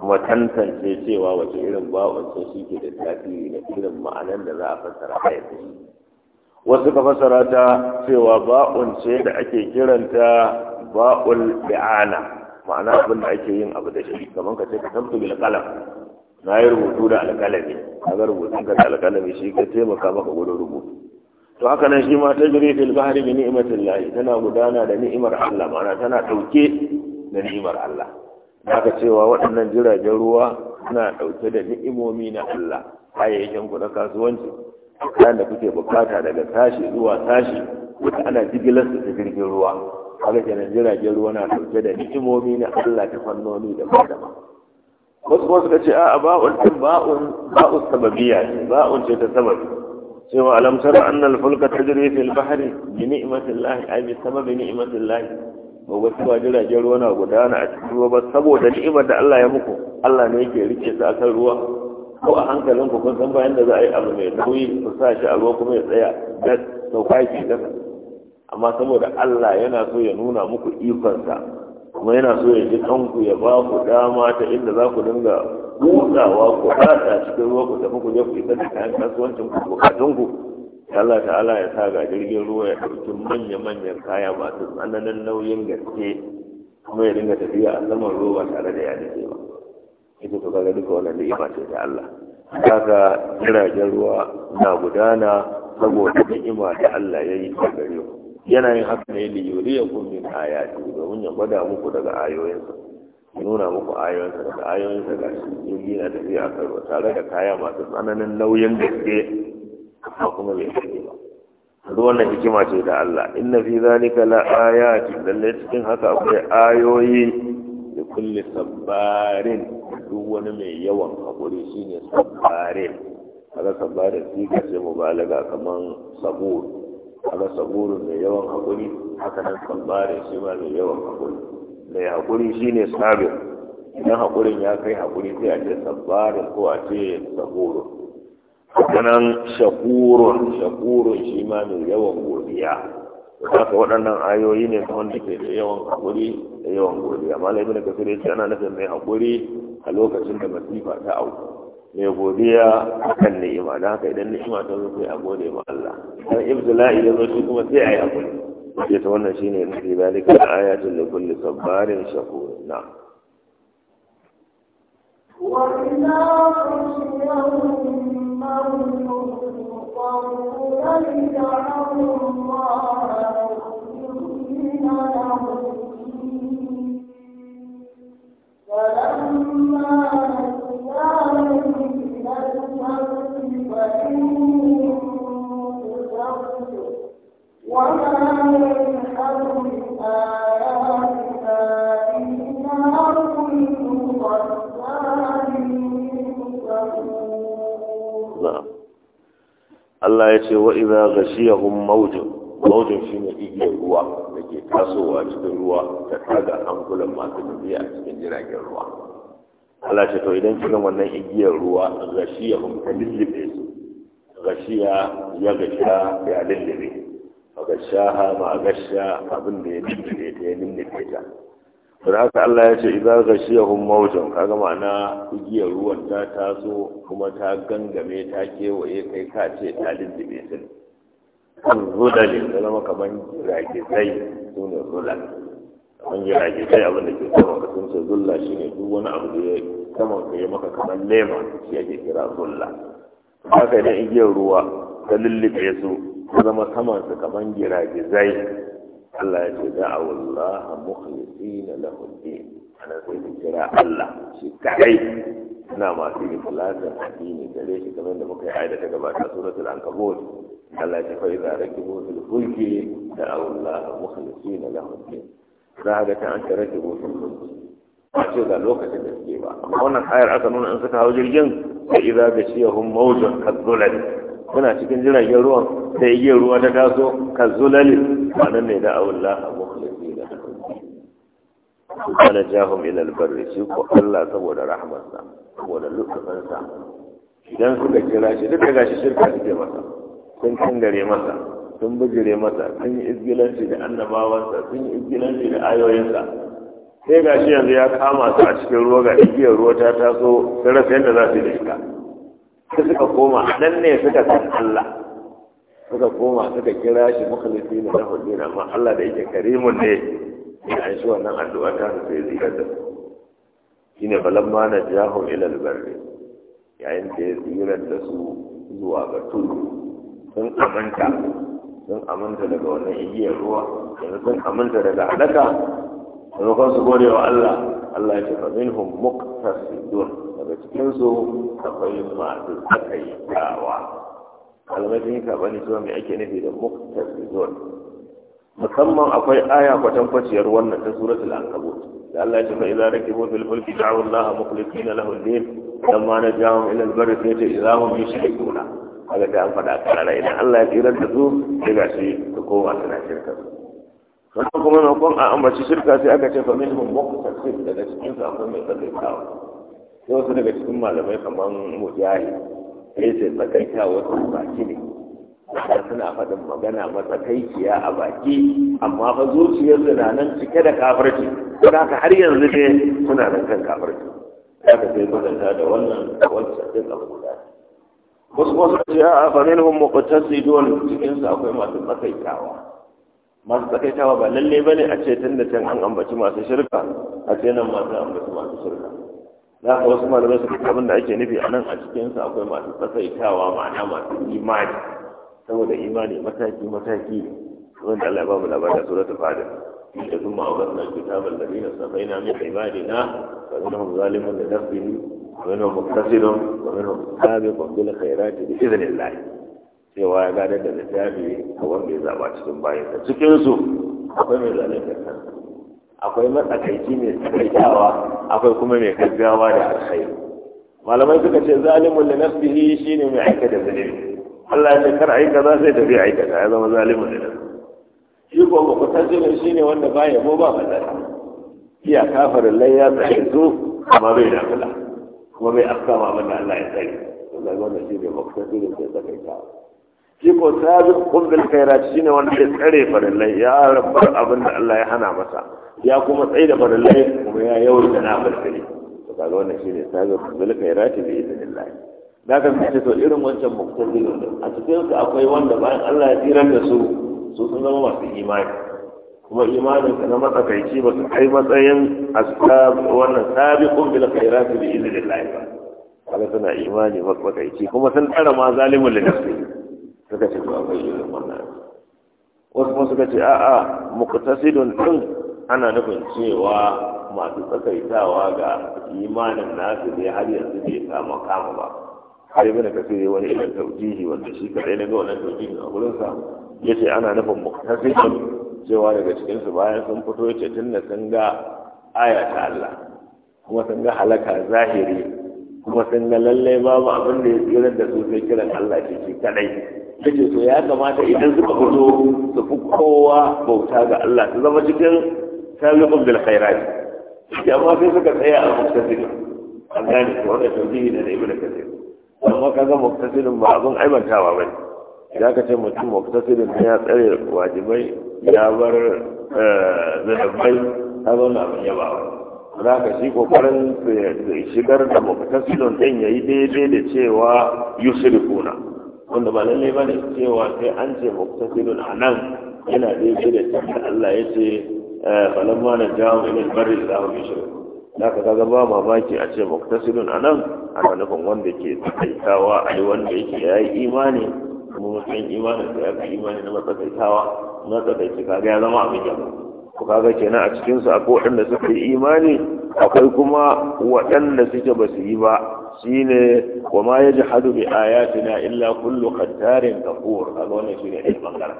kuma tantance cewa wata irin ba'un ce shi ke da tasiri na irin ma'anar da za a fassara a yanzu wasu ka fasara ta cewa ba'un ce da ake kiranta ba'ul bi'ana ma'ana abin da ake yin abu da shi kamar ka ce ka tabtu bil qalam na yi rubutu da alƙalami a ga rubutun ka da alƙalami shi ka taimaka maka gudun rubutu to haka nan shi ma ta jiri fil bahri bi ni'matin lahi tana gudana da ni'imar Allah ma'ana tana dauke da ni'imar Allah haka cewa waɗannan jiragen ruwa suna dauke da ni'imomi na Allah kayayyakin ku na kasuwanci kayan da kuke bukata daga tashi zuwa tashi wata ana jigilar su ta jirgin ruwa haka kenan jiragen ruwa na dauke da ni'imomi na Allah ta fannoni da daban wasu kuma suka ce a'a ba'un din ba'un ba'un sababiyya ce ba'un ce ta sababi cewa alam tara anna al-fulka tajri fil bahri bi ni'matillahi ay bi sababi ni'matillahi ba wasu ba jiragen ruwa na gudana a cikin ruwa ba saboda ni'imar da Allah ya muku Allah ne yake rike su akan ruwa ko a hankalin ku kun san bayan da za a yi abu mai nauyi su sa shi a ruwa kuma ya tsaya da sauka shi kasa amma saboda Allah yana so ya nuna muku ikonsa kuma yana so ya ji kanku ya ba ku dama ta inda za ku dinga hutawa ku fata cikin ruwa ku tafi ku je ku isa da kayan kasuwancin ku bukatun ku Allah ta'ala ya sa ga jirgin ruwa ya ɗauki manya-manyan kaya masu tsananin nauyin gaske kuma ya dinga tafiya a saman ruwa tare da ya dace ba ita to gane duka wannan da ce da Allah kaga jiragen ruwa na gudana saboda ni'ima da Allah ya yi ta gare ku yana yin haka ne da ya kun min ayati domin ya gwada muku daga ayoyinsa ya nuna muku ayoyinsa daga ayoyinsa ga shi jirgi na tafiya a karwa tare da kaya masu tsananin nauyin ke amma kuma mai sani ba duk wannan hikima ce da Allah inna fi zalika la ayati lalle cikin haka akwai ayoyi da kulle sabbarin duk wani mai yawan haƙuri shine sabbarin kaga sabbarin shi ka ce mubalaga kaman sabur kaga saburun mai yawan haƙuri haka nan sabbarin shi ma mai yawan haƙuri mai haƙuri shine sabir idan haƙurin ya kai haƙuri sai a ce sabbarin ko a ce saburun haka nan shakurun shakurun shi ma mai yawan godiya haka waɗannan ayoyi ne wanda ke da yawan haƙuri da yawan godiya malai ibn kasir ya ce ana nufin mai haƙuri a lokacin da masifa ta auku mai godiya akan ni'ima don haka idan ni'ima ta zo sai a gode ma Allah dan ibtila'i ya zo shi kuma sai a yi haƙuri ke ta wannan shine ne fi zalika ayatul li kulli sabarin shakur na وإذا قيل لهم وَقُلْ لَنْ تَعْلَمُوا اللَّهَ يُؤْمِنَ لَهُ Allah ya ce wa idza ghashiyahum mawjun mawjun shine igiyar ruwa da ke tasowa cikin ruwa ta taga angulan masu tafiya a cikin jiragen ruwa Allah ce to idan cikin wannan igiyar ruwa ghashiyahum ta lullube su gashiya ya gasha ya lullube gashaha ma gasha abin da ya lullube ta ya lullube ta da haka Allah ya ce idan ga shiyahun mawujan kaga ma'ana igiyar ruwan ta taso kuma ta gangame ta kewaye kai ka ce ta lindime su kan zudale da zama kamar ragisai su ne zulal kamar yi ragisai abin da ke sama ka sun ce zulla shi ne duk wani abu da ya sama ka yi maka kamar lema shi ake kira zulla haka idan igiyar ruwa ta lullube su ta zama samansu kamar giragizai ألا دعوا الله مخلصين له الدين أنا أقول إجراء الله شكعي أنا ما أتيني ثلاثة حديني كليش كمان نبقى حيدة كما سورة العنكبوت ألا يدعوا فإذا ركبوا في الفلك دعوا الله مخلصين له الدين بعد أن ركبوا في الفلك أشهد لوكة الإسلام أما أن الحياة أتنون أنسكها وجل جنس فإذا بشيهم موجا قد ظلت muna cikin jiragen ruwan da igiyar ruwa ta taso ka zulali nan ne da Allah abu kuma na jahum ila albarri shi ko Allah saboda rahmarsa saboda lutfinsa idan suka kira shi duk da gashi shirka suke masa sun kangare masa sun bujire masa sun yi izgilanci da annabawansa sun yi izgilanci da ayoyinsa sai gashi yanzu ya kama su a cikin ruwa ga igiyar ruwa ta taso sai rasa yadda za su yi da sai suka koma nan ne suka san Allah suka koma suka kira shi mukhlisi na lahu din amma Allah da yake karimun ne ya shi wannan addu'a ta su sai Shi da balan balamma na jahun ilal barri yayin da ya tsira da su zuwa ga tudu sun amanta sun amanta daga wannan igiyar ruwa yanzu sun amanta daga halaka maimakon su gode wa Allah Allah ya ce fa minhum muqtasidun daga cikinsu akwai masu takaitawa kalmarin ka bani zuwa mai ake nufi da muktazizon musamman akwai aya kwatan kwaciyar wannan ta suratul ankabut da Allah ya ce fa idza rakibu fil fulki da'u Allah mukhlisina lahu ad-din lamma najahum ila al-barri fa ta idza hum yushrikuna kaga da an fada karara idan Allah ya tsira da su sai ga shi ka koma tana shirka su sannan kuma na kun a ambaci shirka sai aka ce fa minhum muqtasid daga cikin su akwai mai tsare kawo sai wasu daga cikin malamai kamar mujahi sai sai tsakaita wasu baki ne har suna faɗin magana matsakaiciya a baki amma fa zuciyar na nan cike da kafirci don haka har yanzu ne suna nan kan kafirci haka sai kwatanta da wannan wancan ɗin abu guda wasu wasu ce a famin hun duwan don cikinsu akwai masu tsakaitawa masu tsakaitawa ba lalle ba ne a ce tun da can an ambaci masu shirka a ce nan masu ambaci masu shirka za ka wasu malamai su duk abin da ake nufi a nan a cikinsa akwai masu tsakaitawa ma'ana masu imani saboda imani mataki mataki wanda Allah ya ba mu labarin suratul fadil da kuma awratna kitabal ladina safaina min ibadina fa innahum zalimun li nafsihi wa minhum muqtasidun wa minhum sabiqun bil khairati bi idhnillah cewa ya gadar da littafi a wanda ya zaba cikin bayansa cikin su akwai mai zalunta kansa akwai matsakaici mai tsakaitawa akwai kuma mai gaggawa da alkhairi malamai suka ce zalimun li nafsihi shine mai aika da zalimi Allah ya ce kar aika kaza sai tafi aika ya zama zalimun da nafsihi shi ko ba kusan shine wanda ba ya ba matsala iya kafarin lai ya tsaye su amma bai da kula kuma bai afkama abin da Allah ya tsare wannan wannan shine makusan zalimin da tsakaitawa shi ko sabi kumbil shi shine wanda ya tsare farillai ya rabar abin da Allah ya hana masa ya kuma tsaye da farillai kuma ya yawar da na barkari to kaga wannan shine sabi kumbil khairati bi idnillah da ka ce to irin wancan muktabilun a cikin su akwai wanda bayan Allah ya tsirar da su su sun zama masu imani kuma imanin ka na matsakaici ba su kai matsayin wannan sabiqun bil khairati bi idnillah ba kaga suna imani matsakaici kuma sun tsara ma da nasu suka ce ba bai yi wannan wasu kuma suka ce a'a sidon din ana nufin cewa masu tsakaitawa ga imanin nasu ne har yanzu bai samu kama ba har ka sayi wani irin taujihi wanda shi kadai ne ga wannan taujihi a gurin sa yace ana nufin sidon cewa daga cikinsu bayan sun fito yace tunda sun ga aya ta Allah kuma sun ga halaka zahiri kuma sun ga lallai babu abin da ya tsira da su sai kiran Allah ce shi kadai ta ce ya kamata idan suka fito su fi kowa bauta ga Allah su zama cikin sabiqun bil khairat ya ma sai suka tsaya a muktasila an gane ko wanda tauhidi ne da ibnu kasir amma kaga muktasilin ba abun aibantawa bane ya ka ce mutum ta ya tsare wajibai ya bar eh, zanabai ta zauna abin yabawa za ka shi kokarin shigar da muktasilin din yi daidai da cewa yusrifuna wanda ba lalle ba ne cewa sai an ce muktasilun a nan yana daidai da cikin Allah ya ce eh, falamma na jawo ilin bari da zahu shirin da ka kaga ba mamaki a ce anan a nan ana wanda ke tsaitawa a yi wanda yake ya imani kuma mutum imanin da ya imani na matsakaitawa matsakaici kaga ya zama abin yabo ku kaga kenan a cikin su akwai waɗanda suka yi imani akwai kuma waɗanda suke ba su yi ba shine wa ma hadu bi ayatina illa kullu khattarin kafur kaga wannan shine ɗaya bangaren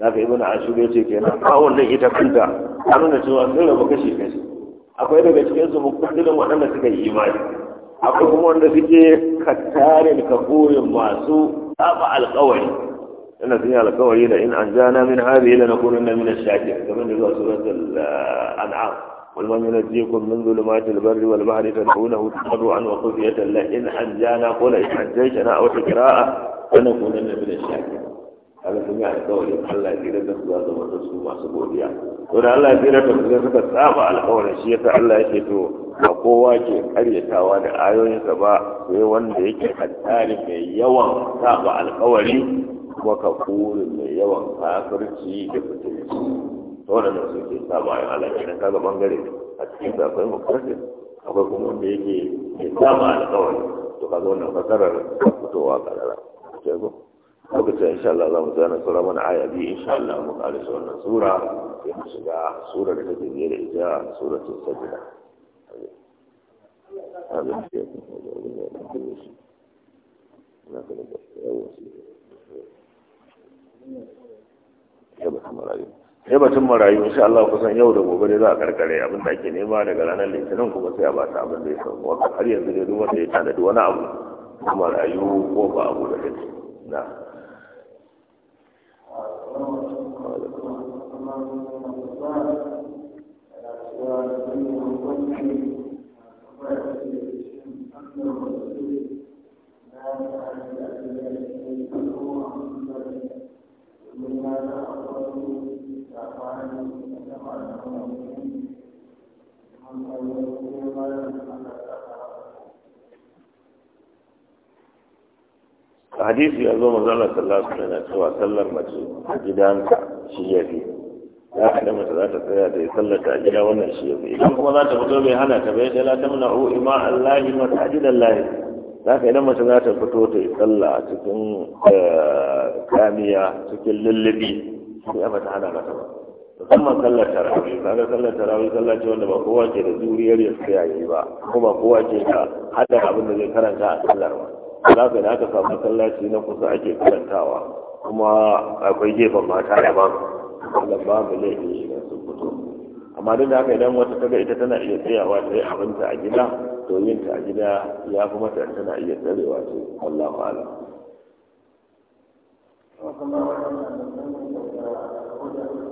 zaka ashu ashur ce kenan a wannan ita kanta an nuna cewa sun rabu kashi kashi akwai daga cikin su mukuddin waɗanda suka yi imani akwai kuma wanda suke khattarin kafurin masu saba alƙawari إن فيها القول لئن أنجانا من هذه لنكونن من الشاكرين كما نزل سورة الأنعام ولما ينجيكم من ظلمات البر والبحر تدعونه تضرعا وخفية لئن أنجانا قل إن أنجيتنا أو حكراء لنكونن من الشاكرين هذا سمع القول الله يزيد تخزاز وتسمو مع سبوديا الله يزيد تخزاز تتسامع القول شيء الله يشيتو وقوة كريتاوا da ayoyinsa ba sai kuma kafurin mai yawan kafirci da fitinci ta waɗannan su ke samu ayin Allah idan kaga bangare a cikin da akwai akwai kuma wanda yake mai samu alƙawari to kaga wannan fasarar fitowa karara sai ko lokacin insha Allah za mu zana sura mana aya bi insha Allah mu su wannan sura sai mu shiga sura da take biye da ita suratul sajda Amin. Amin. Amin. Amin. Amin. Amin. Amin. Amin. ya batun marayu marayu insha Allah kusan yau da gobe dai za a karkare abin da ake nema daga ranar litinin kuma sai a ba ta abin da ya samu wata har yanzu dai duk wanda ya tanadi wani abu marayu ko ba abu da kake na hadisi ya zo manzala sallallahu alaihi wasallam cewa sallar mace a gidanta shi ya fi ya kada mace za ta tsaya da sallata a gida wannan shi ya fi idan kuma za ta fito bai hana ta bai sai la muna u ima allahi masajid allahi za ka idan mace za ta fito ta yi a cikin eh, kamiya cikin lullubi sai ba ta hana mata ba amma sallar tarawih kaga sallar tarawih sallar ce wanda ba kowa ke da zuriyar ya tsaya yayi ba kuma kowa ke da hada abin da zai karanta a sallar ba za ka da aka samu masallaci na kusa ake karantawa kuma akwai gefen mata sallar ba mu laifi shiga su fito amma duk da haka idan wata kaga ita tana iya tsayawa ta yi abinta a gida to yin ta a gida ya fi mata tana iya tsarewa ce Allah a'lam Thank you.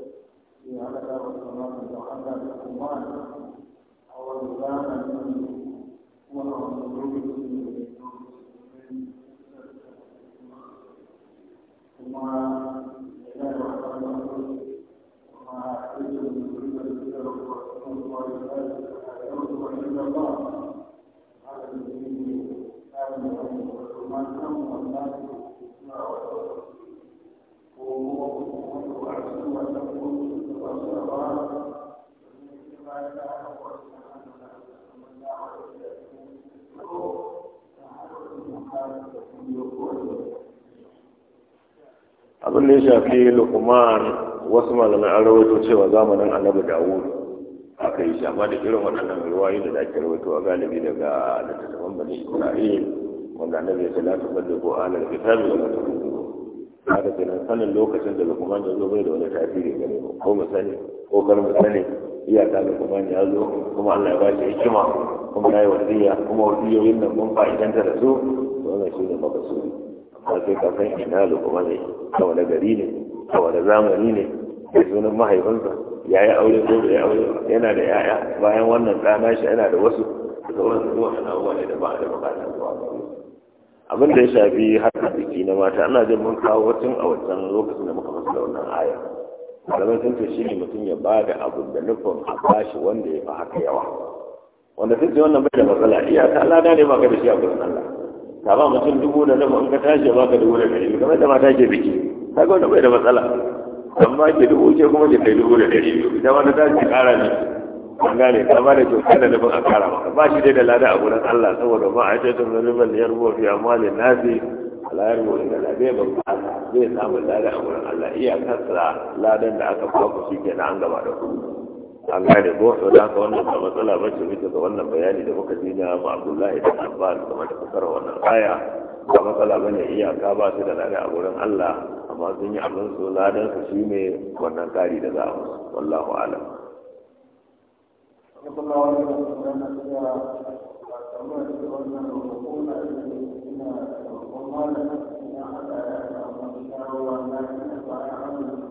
في هذا والصلاة وعلى الأموال أو الغلام وهو ثم abin da ya shafi lukuman wasu malamai an rawaito cewa zamanin annabi dawud aka yi shama da irin waɗannan ruwayi da ake rawaito a galibi daga littattafan bani isra'il wanda annabi ya ce la tubaddu ko alal kitabi wa la tubaddu haka kenan sanin lokacin da lukuman ya zo bai da wani tasiri gare mu ko mu sani ko kar mu sani iyaka lukuman ya zo kuma Allah ya ba shi hikima kuma ya yi wasiya kuma wasiyoyin nan kun fa'idanta da su wannan shi ne maka makasudi amma sai ka san ina lokuma ne a wani gari ne a wani zamani ne Mai sunan mahaifinsa ya yi aure ko da ya aure yana da yaya bayan wannan ɗana shi yana da wasu da sauran su zuwa ana ne da ba a da bukatar zuwa ba abin da ya shafi harkar biki na mata ana jin mun kawo wacin a wancan lokacin da muka fasa wannan aya malamai sun ce shi ne mutum ya ba da abu da nufin a bashi wanda ya fi haka yawa wanda duk da wannan bai da matsala iyaka Allah da ne maka da shi a gurin Allah ta ba mutum dubu da zama in ka tashi ba ka dubu da ɗari kamar da mata ke biki ta ga wanda bai da matsala amma ke dubu ce kuma ke kai dubu da ɗari biyu ita wanda ta ce ƙara ne an gane ka ba da kyautar da nufin a ƙara maka ba shi dai da lada a gurin Allah saboda ba a ce tun zanen ban da ya rubuwa fiye amma fi. nasi alayar wurin da ya ban ba zai samun lada a gurin Allah iya sa ladan da aka ba ku shi na an gaba da ku an gane ko da da wannan ba matsala ba ce bisa ga wannan bayani da muka ji na Abdullahi da Abbas game da fasara wannan aya ba matsala ba ne iyaka ba su da lada a wurin Allah amma sun yi abin su ladan su shi ne wannan kari da za a musu wallahu alam Thank you.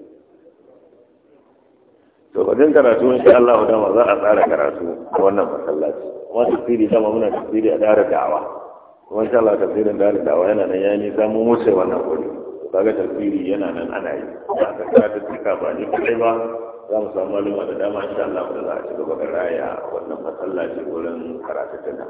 wajen karatu insha Allah dama za a tsara karatu wannan masallaci kuma tafsiri dama muna tafsiri a dara da'awa kuma insha Allah tafsirin dara da'awa yana nan yayi nisa mun wuce wannan wuri kaga tafsiri yana nan ana yi za ka ta ba ni kai ba za mu samu malama da dama insha Allah da za a ci gaba da raya wannan masallaci wurin karatu tana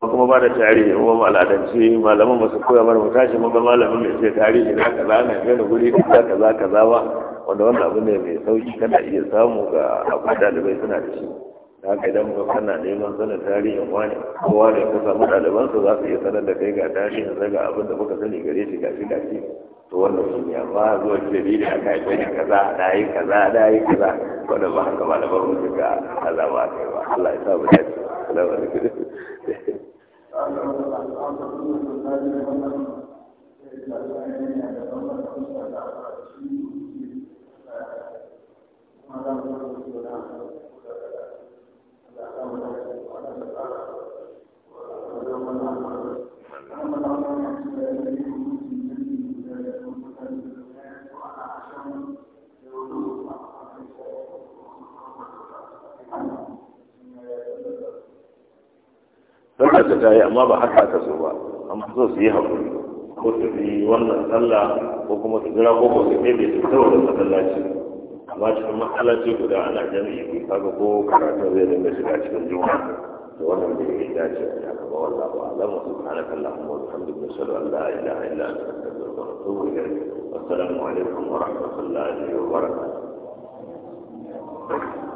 ko kuma ba da tarihi kuma al'adance malaman ba su koya mana mu tashi mun ga malamin da ce tarihi na kaza na gani guri kaza kaza kaza ba wanda wannan abu ne mai sauki kana iya samu ga abu dalibai suna da shi da haka idan muka kana neman sanin tarihin wani kowa wani ka samu su za su iya sanar da kai ga tarihin sa abin da muka sani gare shi gashi gashi to wannan shi ne amma zuwa jiri da aka haife ni kaza na yi kaza na yi kaza wanda ba haka malaman mutu ga azaba kai ba Allah ya sa mu dace. Allah ya فقد جاي ما بحث حتى سوى ام خصوص يهو قلت لي وانا صلى وكما تقول ابو سيدي بيتو صلى ما شاء الله تعالى تقول على جميع فقد بو كانت غير المسجد عشان جوا وانا بدي اجي اجي والله اعلم سبحانك اللهم والحمد لله صلى الله لا اله الا انت السلام عليكم ورحمه الله وبركاته Thank you.